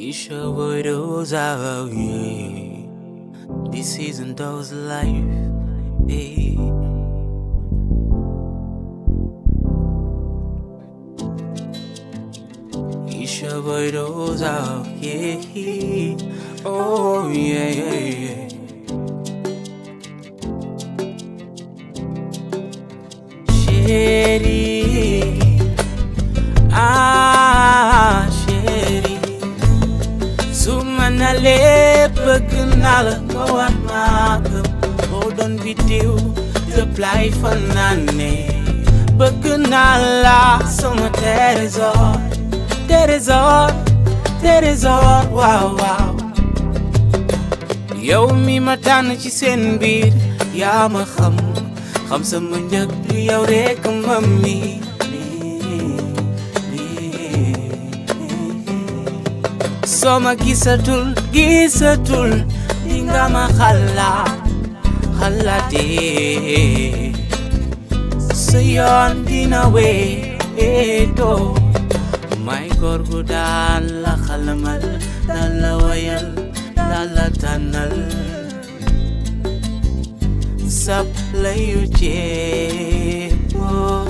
Isha boy, those are This season, those life. Hey. those are yeah. Oh, yeah, yeah, yeah. Shady. lépp bëgg naa la nga war maa gëm boo doon biddiw tëb laay fanaane bëgg naa la sama trésor trésor trésor waaw waaw yow mi ma tànn ci seen biir yaa ma xam xam sama njëg yow rek mam sooma gisatul gisatul di nga ma xalaat xalaatee sa yoon dina weetoo may góor la khalamal, daan la wayal daan la tànnal sab layu ceeb